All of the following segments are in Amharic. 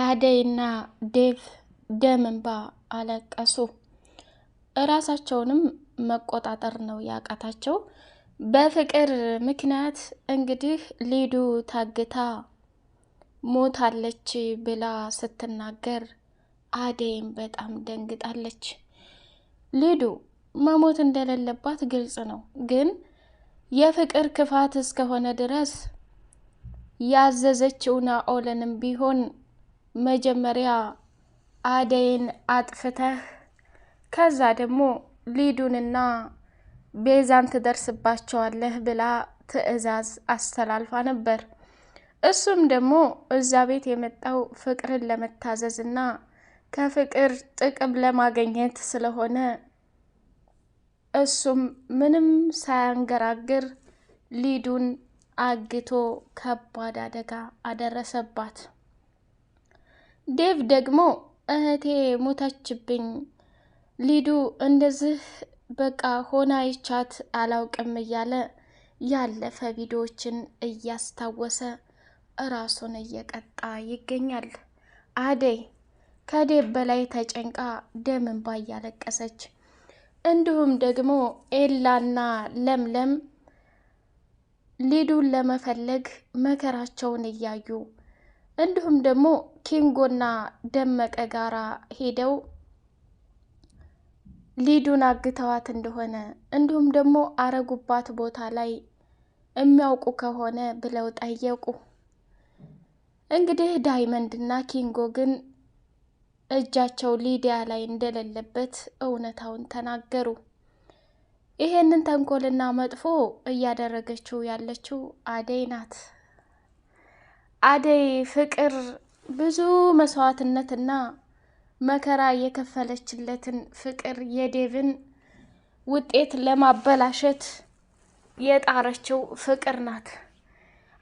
አደይና ዴቭ ደም እንባ አለቀሱ። እራሳቸውንም መቆጣጠር ነው ያቃታቸው። በፍቅር ምክንያት እንግዲህ ሊዱ ታግታ ሞታለች ብላ ስትናገር አደይም በጣም ደንግጣለች። ሊዱ መሞት እንደሌለባት ግልጽ ነው፣ ግን የፍቅር ክፋት እስከሆነ ድረስ ያዘዘችው ናኦልንም ቢሆን መጀመሪያ አደይን አጥፍተህ ከዛ ደግሞ ሊዱንና ቤዛን ትደርስባቸዋለህ ብላ ትዕዛዝ አስተላልፋ ነበር። እሱም ደግሞ እዛ ቤት የመጣው ፍቅርን ለመታዘዝ እና ከፍቅር ጥቅም ለማገኘት ስለሆነ እሱም ምንም ሳያንገራግር ሊዱን አግቶ ከባድ አደጋ አደረሰባት። ዴቭ ደግሞ እህቴ ሞተችብኝ፣ ሊዱ እንደዚህ በቃ ሆና ይቻት አላውቅም እያለ ያለፈ ቪዲዮዎችን እያስታወሰ እራሱን እየቀጣ ይገኛል። አደይ ከዴቭ በላይ ተጨንቃ ደም እንባ እያለቀሰች እንዲሁም ደግሞ ኤላና ለምለም ሊዱን ለመፈለግ መከራቸውን እያዩ እንዲሁም ደግሞ ኪንጎና ደመቀ ጋራ ሄደው ሊዱን አግተዋት እንደሆነ እንዲሁም ደግሞ አረጉባት ቦታ ላይ የሚያውቁ ከሆነ ብለው ጠየቁ። እንግዲህ ዳይመንድና ኪንጎ ግን እጃቸው ሊዲያ ላይ እንደሌለበት እውነታውን ተናገሩ። ይሄንን ተንኮልና መጥፎ እያደረገችው ያለችው አደይ ናት። አደይ ፍቅር ብዙ መስዋዕትነትና መከራ የከፈለችለትን ፍቅር የዴቭን ውጤት ለማበላሸት የጣረችው ፍቅር ናት።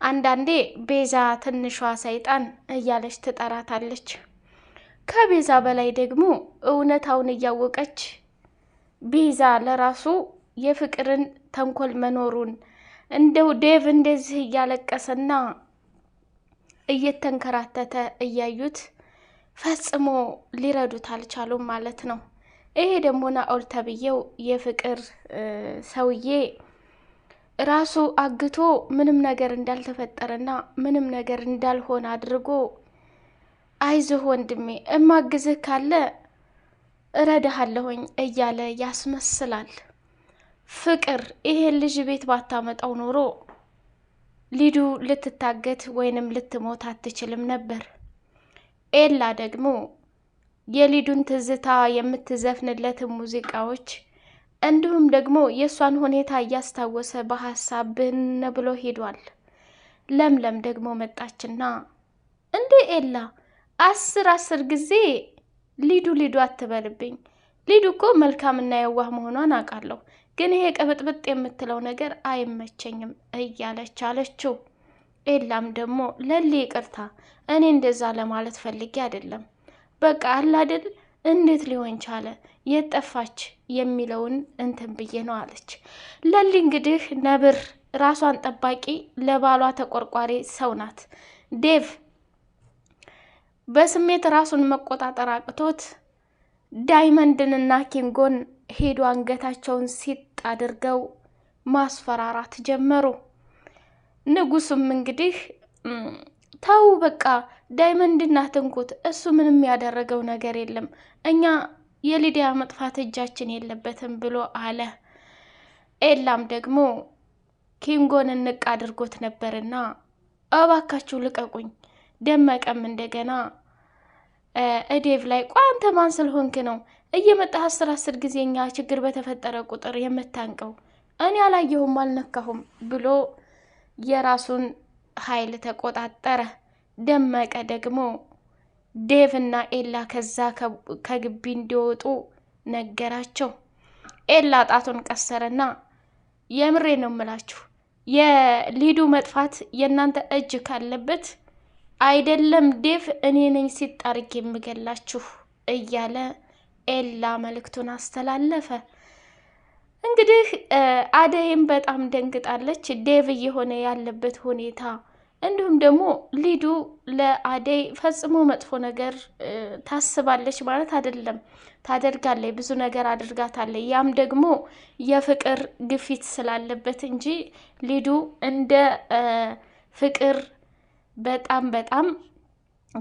አንዳንዴ ቤዛ ትንሿ ሰይጣን እያለች ትጠራታለች። ከቤዛ በላይ ደግሞ እውነታውን እያወቀች ቤዛ ለራሱ የፍቅርን ተንኮል መኖሩን እንደው ዴቭ እንደዚህ እያለቀሰና እየተንከራተተ እያዩት ፈጽሞ ሊረዱት አልቻሉም ማለት ነው። ይሄ ደግሞ ናኦል ተብዬው የፍቅር ሰውዬ ራሱ አግቶ ምንም ነገር እንዳልተፈጠረና ምንም ነገር እንዳልሆነ አድርጎ አይዞህ ወንድሜ እማግዝህ ካለ እረዳሃለሁኝ እያለ ያስመስላል። ፍቅር ይሄን ልጅ ቤት ባታመጣው ኖሮ ሊዱ ልትታገት ወይንም ልትሞት አትችልም ነበር። ኤላ ደግሞ የሊዱን ትዝታ የምትዘፍንለትን ሙዚቃዎች እንዲሁም ደግሞ የእሷን ሁኔታ እያስታወሰ በሀሳብ ብን ብሎ ሄዷል። ለምለም ደግሞ መጣችና እንዴ ኤላ አስር አስር ጊዜ ሊዱ ሊዱ አትበልብኝ። ሊዱ እኮ መልካምና የዋህ መሆኗን አውቃለሁ። ግን ይሄ ቅብጥብጥ የምትለው ነገር አይመቸኝም እያለች አለችው። ኤላም ደግሞ ለሊ ይቅርታ፣ እኔ እንደዛ ለማለት ፈልጌ አይደለም። በቃ አላድል እንዴት ሊሆን ቻለ የጠፋች የሚለውን እንትን ብዬ ነው አለች። ለሊ እንግዲህ ነብር ራሷን ጠባቂ ለባሏ ተቆርቋሪ ሰው ናት። ዴቭ በስሜት ራሱን መቆጣጠር አቅቶት ዳይመንድንና ኪንጎን ሄዶ አንገታቸውን ሲት አድርገው ማስፈራራት ጀመሩ። ንጉሱም እንግዲህ ተው በቃ ዳይመንድ እናትንኩት፣ እሱ ምንም ያደረገው ነገር የለም፣ እኛ የሊዲያ መጥፋት እጃችን የለበትም ብሎ አለ። ኤላም ደግሞ ኪንጎን እንቅ አድርጎት ነበርና እባካችሁ ልቀቁኝ። ደመቀም እንደገና እዴቭ ላይ ቋንተ ማን ስለሆንክ ነው እየመጣህ አስር አስር ጊዜ እኛ ችግር በተፈጠረ ቁጥር የምታንቀው እኔ አላየሁም አልነካሁም ብሎ የራሱን ኃይል ተቆጣጠረ። ደመቀ ደግሞ ዴቭና ኤላ ከዛ ከግቢ እንዲወጡ ነገራቸው። ኤላ ጣቱን ቀሰረና የምሬ ነው የምላችሁ የሊዱ መጥፋት የእናንተ እጅ ካለበት አይደለም ዴቭ እኔ ነኝ ሲጣርግ የምገላችሁ እያለ ኤላ መልእክቱን አስተላለፈ። እንግዲህ አደይም በጣም ደንግጣለች። ዴቭ እየሆነ ያለበት ሁኔታ እንዲሁም ደግሞ ሊዱ ለአደይ ፈጽሞ መጥፎ ነገር ታስባለች ማለት አይደለም፣ ታደርጋለች። ብዙ ነገር አድርጋታለች። ያም ደግሞ የፍቅር ግፊት ስላለበት እንጂ ሊዱ እንደ ፍቅር በጣም በጣም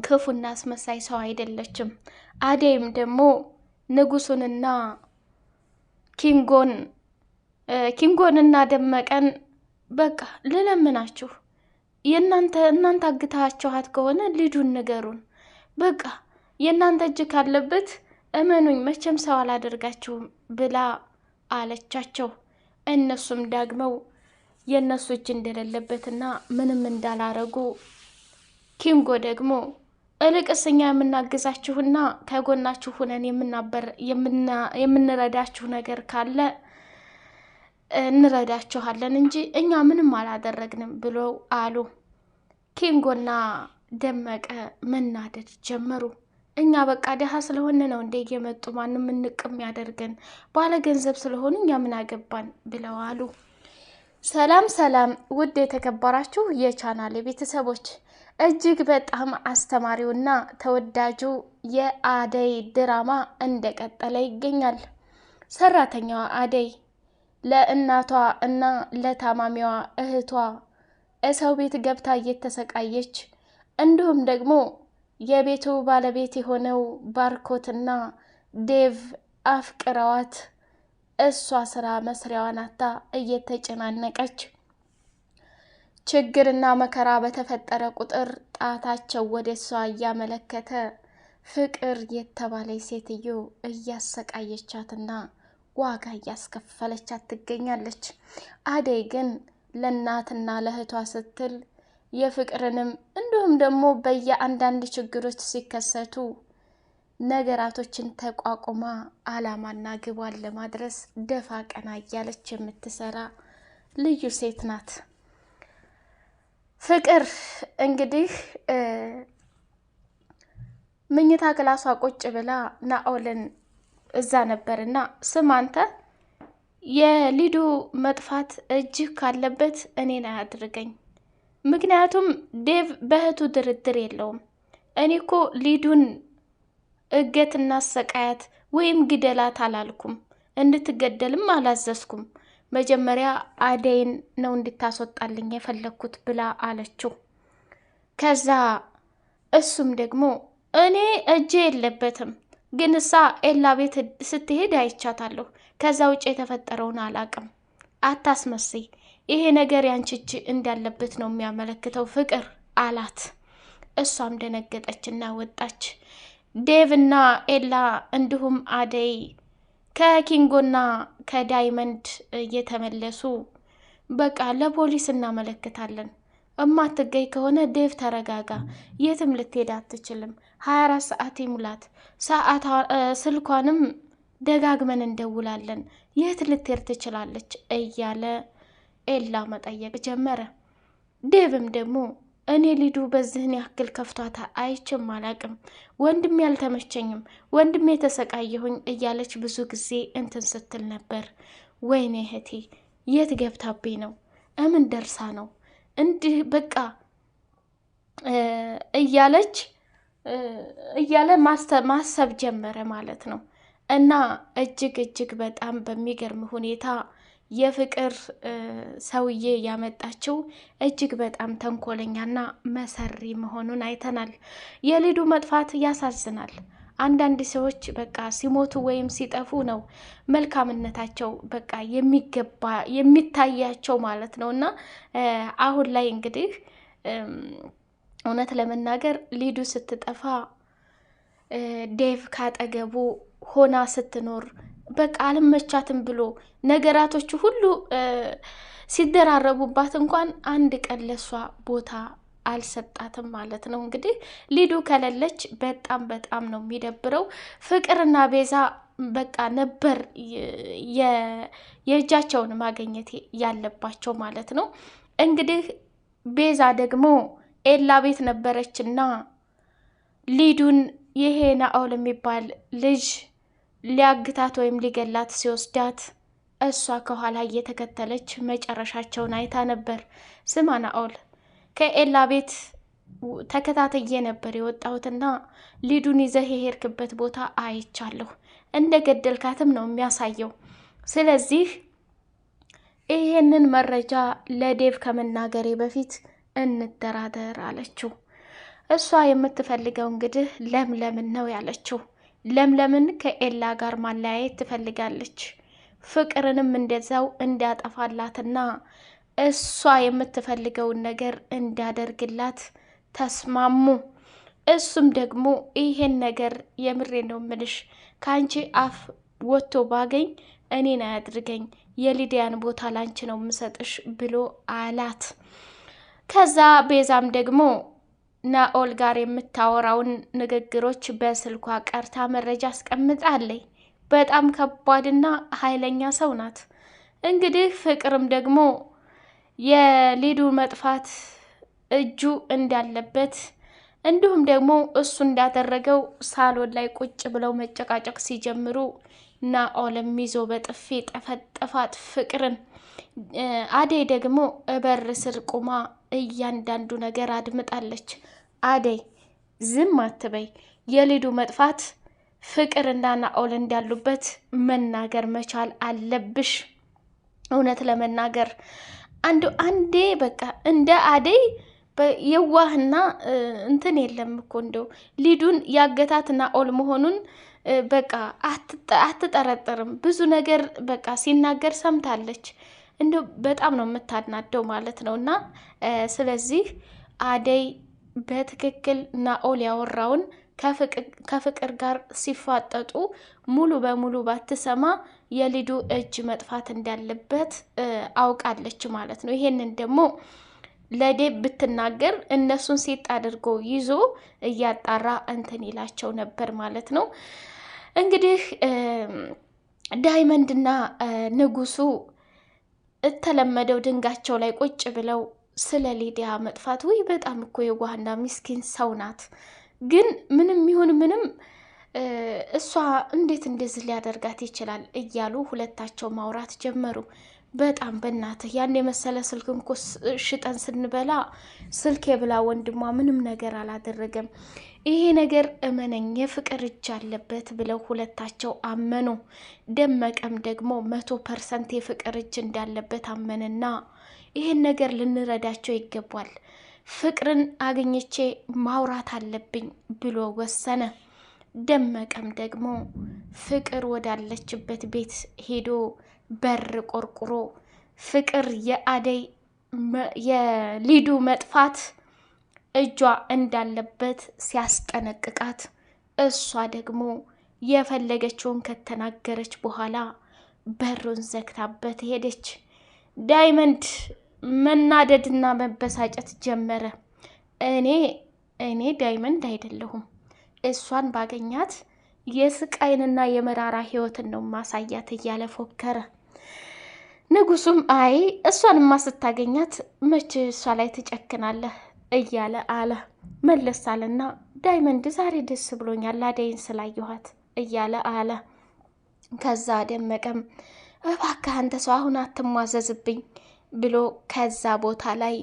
ክፉና አስመሳይ ሰው አይደለችም። አደይም ደግሞ ንጉሱንና ኪንጎን ኪንጎንና ደመቀን በቃ ልለምናችሁ የእናንተ እናንተ አግታችኋት ከሆነ ልጁን ንገሩን። በቃ የእናንተ እጅ ካለበት እመኑኝ መቼም ሰው አላደርጋችሁም ብላ አለቻቸው። እነሱም ዳግመው የእነሱ እጅ እንደሌለበትና ምንም እንዳላረጉ ኪንጎ ደግሞ እልቅስ እኛ የምናግዛችሁና ከጎናችሁ ሁነን የምንረዳችሁ ነገር ካለ እንረዳችኋለን እንጂ እኛ ምንም አላደረግንም ብለው አሉ። ኪንጎና ደመቀ መናደድ ጀመሩ። እኛ በቃ ደሃ ስለሆነ ነው እንደ እየመጡ ማንም እንቅም ያደርገን፣ ባለ ገንዘብ ስለሆኑ እኛ ምን አገባን ብለው አሉ። ሰላም ሰላም! ውድ የተከበራችሁ የቻናል ቤተሰቦች እጅግ በጣም አስተማሪውና ተወዳጁ የአደይ ድራማ እንደቀጠለ ይገኛል። ሰራተኛዋ አደይ ለእናቷ እና ለታማሚዋ እህቷ እሰው ቤት ገብታ እየተሰቃየች እንዲሁም ደግሞ የቤቱ ባለቤት የሆነው ባርኮትና ዴቭ አፍቅረዋት እሷ ስራ መስሪያዋን አታ እየተጨናነቀች ችግርና መከራ በተፈጠረ ቁጥር ጣታቸው ወደ እሷ እያመለከተ ፍቅር የተባለች ሴትዮ እያሰቃየቻትና ዋጋ እያስከፈለቻት ትገኛለች። አደይ ግን ለእናትና ለእህቷ ስትል የፍቅርንም እንዲሁም ደግሞ በየአንዳንድ ችግሮች ሲከሰቱ ነገራቶችን ተቋቁማ አላማና ግቧን ለማድረስ ደፋ ቀና እያለች የምትሰራ ልዩ ሴት ናት። ፍቅር እንግዲህ ምኝታ ክላሷ ቁጭ ብላ ናኦልን እዛ ነበርና ስም አንተ የሊዱ መጥፋት እጅህ ካለበት እኔን አያድርገኝ። ምክንያቱም ዴቭ በእህቱ ድርድር የለውም። እኔ እኮ ሊዱን እገት እናሰቃያት ወይም ግደላት አላልኩም፣ እንድትገደልም አላዘዝኩም። መጀመሪያ አደይን ነው እንድታስወጣልኝ የፈለግኩት ብላ አለችው። ከዛ እሱም ደግሞ እኔ እጄ የለበትም ግን እሳ ኤላ ቤት ስትሄድ አይቻታለሁ። ከዛ ውጭ የተፈጠረውን አላቅም። አታስመስይ፣ ይሄ ነገር ያንቺ እጅ እንዳለበት ነው የሚያመለክተው ፍቅር አላት። እሷም ደነገጠችና ወጣች። ዴቭና ኤላ እንዲሁም አደይ ከኪንጎና ከዳይመንድ እየተመለሱ በቃ ለፖሊስ እናመለክታለን። እማትገኝ ከሆነ ዴቭ ተረጋጋ፣ የትም ልትሄድ አትችልም። ሀያ አራት ሰዓት ይሙላት። ሰዓት ስልኳንም ደጋግመን እንደውላለን። የት ልትሄድ ትችላለች እያለ ኤላ መጠየቅ ጀመረ። ዴቭም ደግሞ እኔ ሊዱ በዚህን ያክል ከፍቷታ አይችም አላቅም። ወንድሜ አልተመቸኝም፣ ወንድሜ የተሰቃየሁኝ እያለች ብዙ ጊዜ እንትን ስትል ነበር። ወይኔ እህቴ የት ገብታቤ ነው? እምን ደርሳ ነው እንዲህ በቃ እያለች እያለ ማሰብ ጀመረ ማለት ነው። እና እጅግ እጅግ በጣም በሚገርም ሁኔታ የፍቅር ሰውዬ ያመጣችው እጅግ በጣም ተንኮለኛና መሰሪ መሆኑን አይተናል። የሊዱ መጥፋት ያሳዝናል። አንዳንድ ሰዎች በቃ ሲሞቱ ወይም ሲጠፉ ነው መልካምነታቸው በቃ የሚገባ የሚታያቸው ማለት ነው። እና አሁን ላይ እንግዲህ እውነት ለመናገር ሊዱ ስትጠፋ ዴቭ ካጠገቡ ሆና ስትኖር በቃ አልመቻትም ብሎ ነገራቶች ሁሉ ሲደራረቡባት እንኳን አንድ ቀን ለሷ ቦታ አልሰጣትም ማለት ነው። እንግዲህ ሊዱ ከሌለች በጣም በጣም ነው የሚደብረው። ፍቅርና ቤዛ በቃ ነበር የእጃቸውን ማግኘት ያለባቸው ማለት ነው። እንግዲህ ቤዛ ደግሞ ኤላ ቤት ነበረች እና ሊዱን ይሄ ናኦል የሚባል ልጅ ሊያግታት ወይም ሊገላት ሲወስዳት እሷ ከኋላ እየተከተለች መጨረሻቸውን አይታ ነበር። ስማና ኦል ከኤላ ቤት ተከታተየ ነበር የወጣሁትና ሊዱን ይዘህ የሄድክበት ቦታ አይቻለሁ። እንደ ገደልካትም ነው የሚያሳየው። ስለዚህ ይሄንን መረጃ ለዴቭ ከመናገሬ በፊት እንደራደር አለችው። እሷ የምትፈልገው እንግዲህ ለምለምን ነው ያለችው። ለምለምን ከኤላ ጋር ማለያየት ትፈልጋለች። ፍቅርንም እንደዛው እንዲያጠፋላትና እሷ የምትፈልገውን ነገር እንዲያደርግላት ተስማሙ። እሱም ደግሞ ይሄን ነገር የምሬ ነው ምልሽ ከአንቺ አፍ ወጥቶ ባገኝ እኔን አያድርገኝ፣ የሊዲያን ቦታ ላንቺ ነው ምሰጥሽ ብሎ አላት። ከዛ ቤዛም ደግሞ ናኦል ጋር የምታወራውን ንግግሮች በስልኳ ቀርታ መረጃ አስቀምጣለኝ። በጣም ከባድና ኃይለኛ ሰው ናት። እንግዲህ ፍቅርም ደግሞ የሊዱ መጥፋት እጁ እንዳለበት እንዲሁም ደግሞ እሱ እንዳደረገው ሳሎን ላይ ቁጭ ብለው መጨቃጨቅ ሲጀምሩ ናኦልም ይዞ በጥፊ ጠፈጠፋት ፍቅርን። አደይ ደግሞ በር ስር ቁማ እያንዳንዱ ነገር አድምጣለች። አደይ ዝም አትበይ፣ የሊዱ መጥፋት ፍቅርና ናኦል እንዳሉበት መናገር መቻል አለብሽ። እውነት ለመናገር አንዱ አንዴ በቃ እንደ አደይ የዋህና እንትን የለም እኮ እንደው ሊዱን ያገታት ናኦል መሆኑን በቃ አትጠረጠርም። ብዙ ነገር በቃ ሲናገር ሰምታለች። እንደ በጣም ነው የምታናደው ማለት ነው። እና ስለዚህ አደይ በትክክል ናኦል ያወራውን ከፍቅር ጋር ሲፋጠጡ ሙሉ በሙሉ ባትሰማ የሊዱ እጅ መጥፋት እንዳለበት አውቃለች ማለት ነው። ይሄንን ደግሞ ለዴብ ብትናገር እነሱን ሴት አድርጎ ይዞ እያጣራ እንትን ይላቸው ነበር ማለት ነው። እንግዲህ ዳይመንድና ንጉሱ እተለመደው ድንጋቸው ላይ ቁጭ ብለው ስለ ሊዲያ መጥፋት ውይ በጣም እኮ የዋህና ሚስኪን ሰው ናት። ግን ምንም ይሁን ምንም እሷ እንዴት እንደዚህ ሊያደርጋት ይችላል እያሉ ሁለታቸው ማውራት ጀመሩ። በጣም በእናትህ ያን የመሰለ ስልክ እንኮ ሽጠን ስንበላ ስልክ የብላ ወንድሟ ምንም ነገር አላደረገም። ይሄ ነገር እመነኝ የፍቅር እጅ አለበት ብለው ሁለታቸው አመኑ። ደመቀም ደግሞ መቶ ፐርሰንት የፍቅር እጅ እንዳለበት አመንና ይህን ነገር ልንረዳቸው ይገባል፣ ፍቅርን አግኝቼ ማውራት አለብኝ ብሎ ወሰነ። ደመቀም ደግሞ ፍቅር ወዳለችበት ቤት ሄዶ በር ቆርቁሮ ፍቅር የአደይ የሊዱ መጥፋት እጇ እንዳለበት ሲያስጠነቅቃት እሷ ደግሞ የፈለገችውን ከተናገረች በኋላ በሩን ዘግታበት ሄደች። ዳይመንድ መናደድና መበሳጨት ጀመረ። እኔ እኔ ዳይመንድ አይደለሁም እሷን ባገኛት የስቃይንና የመራራ ህይወትን ነው ማሳያት እያለ ፎከረ። ንጉሱም አይ እሷንማ ስታገኛት መቼ እሷ ላይ ትጨክናለህ እያለ አለ መለስ አለና ዳይመንድ ዛሬ ደስ ብሎኛል አደይን ስላየኋት እያለ አለ። ከዛ ደመቀም እባክህ አንተ ሰው አሁን አትሟዘዝብኝ ብሎ ከዛ ቦታ ላይ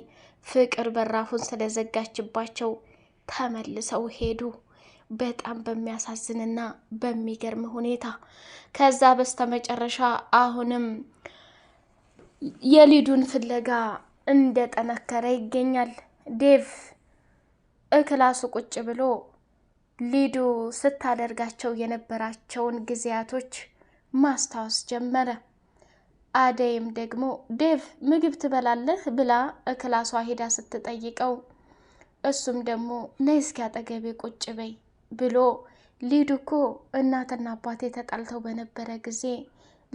ፍቅር በራፉን ስለዘጋችባቸው ተመልሰው ሄዱ። በጣም በሚያሳዝንና በሚገርም ሁኔታ ከዛ በስተመጨረሻ አሁንም የሊዱን ፍለጋ እንደጠነከረ ይገኛል። ዴቭ እክላሱ ቁጭ ብሎ ሊዱ ስታደርጋቸው የነበራቸውን ጊዜያቶች ማስታወስ ጀመረ። አደይም ደግሞ ዴቭ ምግብ ትበላለህ ብላ እክላሷ ሄዳ ስትጠይቀው እሱም ደግሞ ነይ እስኪ አጠገቤ ቁጭ በይ ብሎ ሊዱ እኮ እናትና አባቴ ተጣልተው በነበረ ጊዜ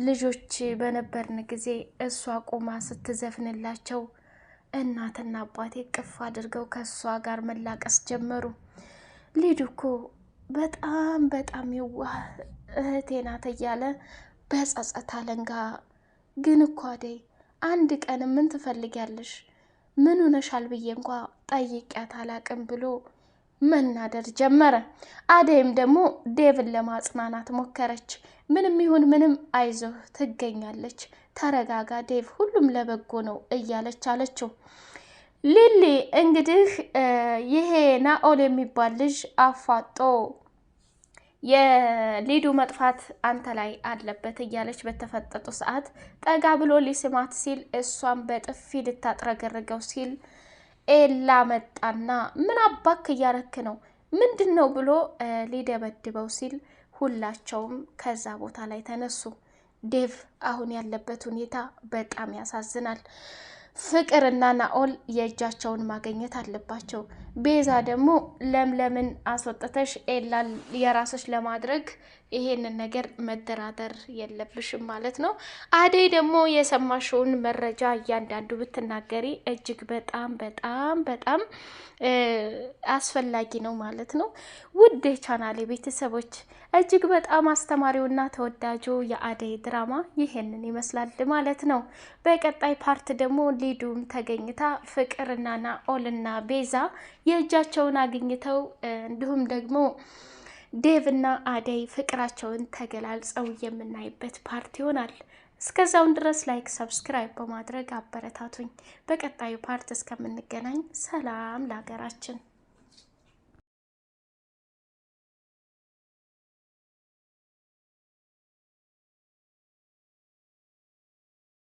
ልጆች በነበርን ጊዜ እሷ ቆማ ስትዘፍንላቸው እናትና አባቴ ቅፍ አድርገው ከእሷ ጋር መላቀስ ጀመሩ። ሊዱ እኮ በጣም በጣም የዋህ እህቴ ናት እያለ በጸጸት አለንጋ ግን እኮ አደይ አንድ ቀን ምን ትፈልጊያለሽ? ምን ሆነሻል ብዬ እንኳ ጠይቂያት አላቅም ብሎ መናደር ጀመረ። አደይም ደግሞ ዴቭን ለማጽናናት ሞከረች። ምንም ይሁን ምንም አይዞህ ትገኛለች፣ ተረጋጋ ዴቭ፣ ሁሉም ለበጎ ነው እያለች አለችው። ሊሊ እንግዲህ ይሄ ናኦል የሚባል ልጅ አፋጦ የሊዱ መጥፋት አንተ ላይ አለበት እያለች በተፈጠጡ ሰዓት ጠጋ ብሎ ሊስማት ሲል እሷን በጥፊ ልታጥረገርገው ሲል ኤላ መጣና ምን አባክ እያረክ ነው ምንድን ነው ብሎ ሊደበድበው ሲል ሁላቸውም ከዛ ቦታ ላይ ተነሱ። ዴቭ አሁን ያለበት ሁኔታ በጣም ያሳዝናል። ፍቅርና ናኦል የእጃቸውን ማግኘት አለባቸው። ቤዛ ደግሞ ለምለምን አስወጥተሽ ኤላን የራስሽ ለማድረግ ይሄንን ነገር መደራደር የለብሽም ማለት ነው። አደይ ደግሞ የሰማሽውን መረጃ እያንዳንዱ ብትናገሪ እጅግ በጣም በጣም በጣም አስፈላጊ ነው ማለት ነው። ውድ የቻናሌ ቤተሰቦች እጅግ በጣም አስተማሪውና ተወዳጁ የአደይ ድራማ ይሄንን ይመስላል ማለት ነው። በቀጣይ ፓርት ደግሞ ሊዱም ተገኝታ ፍቅርና ናኦልና ቤዛ የእጃቸውን አግኝተው እንዲሁም ደግሞ ዴቭና አደይ ፍቅራቸውን ተገላልጸው የምናይበት ፓርት ይሆናል። እስከዛውን ድረስ ላይክ፣ ሰብስክራይብ በማድረግ አበረታቱኝ። በቀጣዩ ፓርት እስከምንገናኝ ሰላም ለሀገራችን።